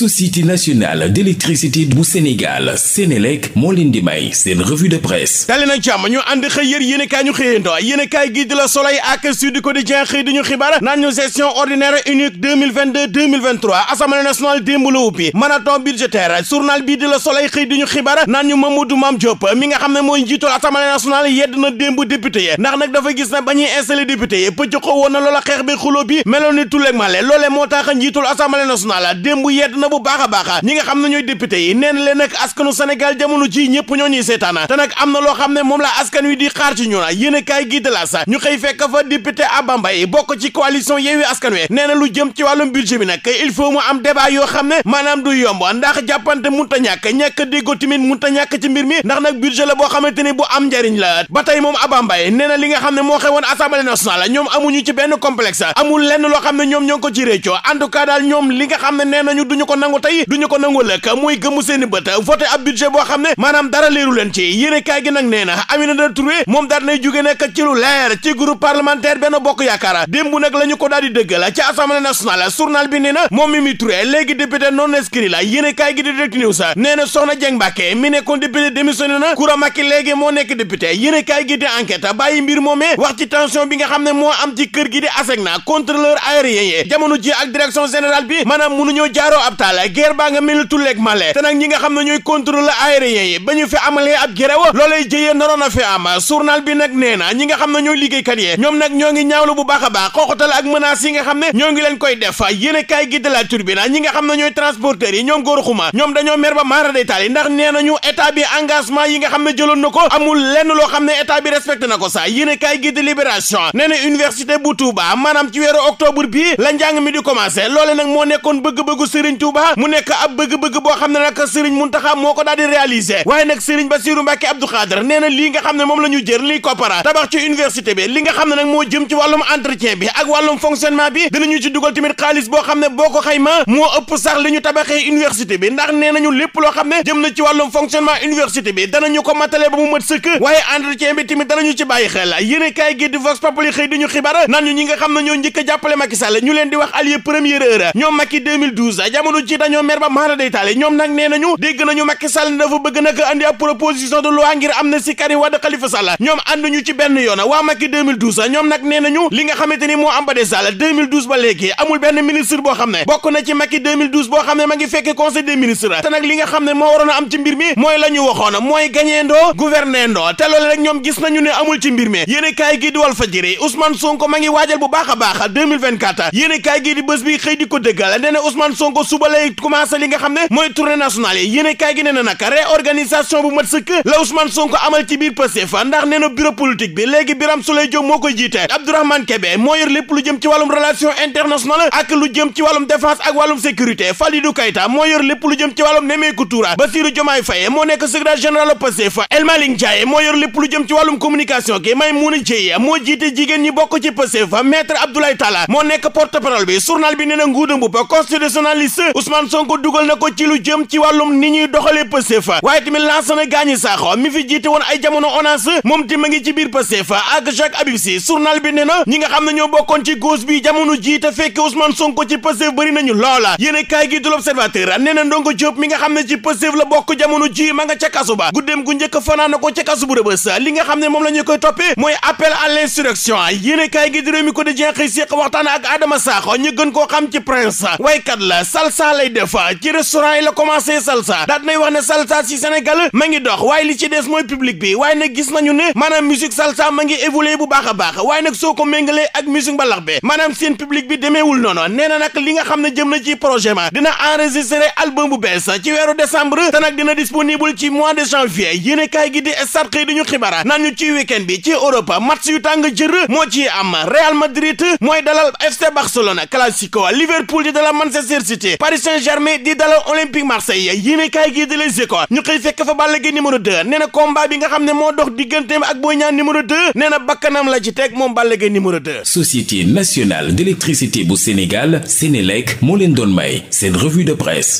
société nationale d'électricité bu Sénégal Sénélec moo leen di may de presse dali nag ñu ànd xëy yër yéen i ñu xëyando yéen i kaay di la Soleil ak Sud Quotidien xëy di ñu xibaar naan ñu session ordinaire unique 2022 2023 démb la ubbi marathon budgétaire journal bii di la Soleil xëy di ñu xibaar naan ñu Mamadou Mame Diop mi nga xam ne mooy njiitul assemblée nationale yedd na démb député yi ndax nag dafa gis na ba ñuy député yi pëcc ko woon bu baax a baax ñi nga xam ne ñooy député yi neen leen nag askanu Sénégal jamono ji ñëpp ñoo ñuy seetaana te nag am na loo xam ne moom la askan wi di xaar ci ñun yéen a kaay ñu xëy fekk fa député Abba Mbaye bokk ci coalition Yewwi Askan Wi nee na lu jëm ci wàllum budget bi nag il faut mu am débat yoo xam ne maanaam du yomb ndax jàppante munta ñàkk ñàkk déggoo tamit munta ñàkk ci mbir mi ndax nag budget la boo xamante ni bu am njariñ la ba moom Abba Mbaye nee na xam ne moo xewoon assemblée nationale ñoom amuñu ci benn complexe lenn loo xam ne ñoom ñoo ngi ko ci ko nangu tey du ñu ko nangu lekk muy gëmmu seeni bët voté ab budget boo xam ne maanaam dara liiru leen ci yéene kaay gi nag nee na Aminata Touré moom daal nay jóge nekk ci lu leer ci groupe parlementaire benn bokk yaakaar démb nag la ñu ko daal di dëggal ci assemblée nationale journal bi nee na moom Mimi Touré léegi député non inscrit la yéene kaay gi di direct news nee na Soxna Dieng Mbacké mi nekkoon député démissionné na Koura Macky léegi moo nekk député yéene kaay gi di enquête bàyyi mbir moomee wax ci tension bi nga xam ne moo am ci kër gi di ASECNA contrôleur aérien yi jamono ji ak direction générale bi maanaam mënuñoo jaaroo ab taal guerre baa nga mel ni male te nag ñi nga xam ne ñooy contrôle aérien yi ba ñu fi ab gerew loolee jëyee naroon a fi am journal bi nag nee na ñi nga xam ne ñooy liggéeykat yi ñoom nag ñoo ngi ñaawlu bu baax a baax xooxatal ak menaces yi nga xam ne ñoo ngi leen koy def yéene kaay gi de la turbine ñi nga xam ne ñooy transporteurs yi ñoom góor xuma ñoom dañoo mer ba maara détail ndax nee nañu état bi yi nga xam ne jëloon na ko Touba mu nekk ab bëgg-bëgg boo xam ne nag Serigne Mountakha moo ko daal di waaye nag Serigne Bassirou Mbacké Abdou Khadre nee na lii nga xam ne moom la jër liy koppara tabax ci université bi li nga xam ne nag moo jëm ci wàllum entretien bi ak wàllum fonctionnement bi dinañu ci dugal tamit xaalis boo xam ne boo ko xayma moo ëpp sax li tabaxee université bi ndax nee nañu lépp loo xam ne jëm na ci wàllum fonctionnement université bi danañu ñu ñi nga jamono ji dañoo ba maara day taale ñoom nag nee nañu dégg nañu Macky Sall dafa bëgg nag andi ab proposition de loi ngir amnistie Karim Wade Khalifa Sall ñoom ànduñu ci benn yoon waa Macky 2012 ñoom nag nee nañu li nga xamante ni moo am ba des Sall ba léegi amul benn ministre boo xam ne bokk na ci Macky 2012 boo xam ne ma fekk conseil des ministres te nag li xam ne moo waroon am ci mbir mi mooy la ñu mooy gañeendoo gouvernendoo te loolu rek ñoom lay commencé li nga xam ne mooy tournée nationale yi yéen kaay gi nee na nag réorganisation bu mat sëkk la Ousmane Sonko amal ci biir Pastef ndax nee na bureau bi léegi Birame Souleye Diop moo koy jiite Abdourahmane Kébé moo yor lépp lu jëm ci wàllum relation internationale ak lu jëm ci wàllum défense ak wàllum sécurité Falidou Keita moo moo nekk lépp lu jëm ci wàllum communication gi Maymouna Dièye moo jiite jigéen moo nekk porte-parole bi journal bi nee na Ousmane Sonko dugal na ko ci lu jëm ci wàllum ni ñuy doxalee Pastef waaye tamit Lansana Gagny Sakho mi fi jiite woon ay jamono ONAS moom ti ci biir Pastef ak Jacques Habib Sy journal bi ne ñi nga xam ne ñoo bokkoon ci gauche bi jamono ji te fekk Ousmane Sonko ci Pastef bëri nañu loola yéene kaay gi du l'Observateur nee na Ndongo Diop mi nga xam ne ci Pastef la bokk jamono ji ma nga ca kasu ba guddeem gu njëkk fanaan ko ca kasu bu Rebeuss li nga xam ne moom la koy toppee mooy appel à l'insurrection yéene kaay koo xam salsa lay def ah, ci restaurant yi la commencé salsa daat nay wax ne salsa si Sénégal ma ngi dox waaye li ci des mooy public bi waaye nag gis nañu ne maanaam musique salsa ma ngi évoluer bu baax a waaye nag soo ko méngalee ak musique mbalax bi maanaam seen public bi demeewul noonu nee na nag li nga xam ne jëm na ci projet ma dina enregistré album bu bees ci weeru décembre te dina disponible ci mois de janvier yéen kaay gi di Stades xëy ñu ci week Paris Saint-Germain di dalal Olympique Marseille yéenekaay gi di Les Échos ñu xëy fekk fa Balla Gaye numéro 2 nee na combat bi nga xam ne moo dox digganteem ak Boy Niang numéro 2 nee na bakkanam la ci teg moom Balla Gaye numéro 2. Société nationale d'électricité bu Sénégal Sénélec moo leen doon may seen revue de presse.